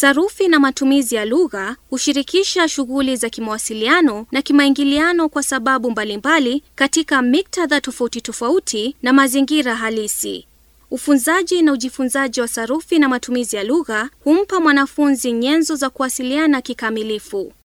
Sarufi na matumizi ya lugha hushirikisha shughuli za kimawasiliano na kimaingiliano kwa sababu mbalimbali katika miktadha tofauti tofauti na mazingira halisi. Ufunzaji na ujifunzaji wa sarufi na matumizi ya lugha humpa mwanafunzi nyenzo za kuwasiliana kikamilifu.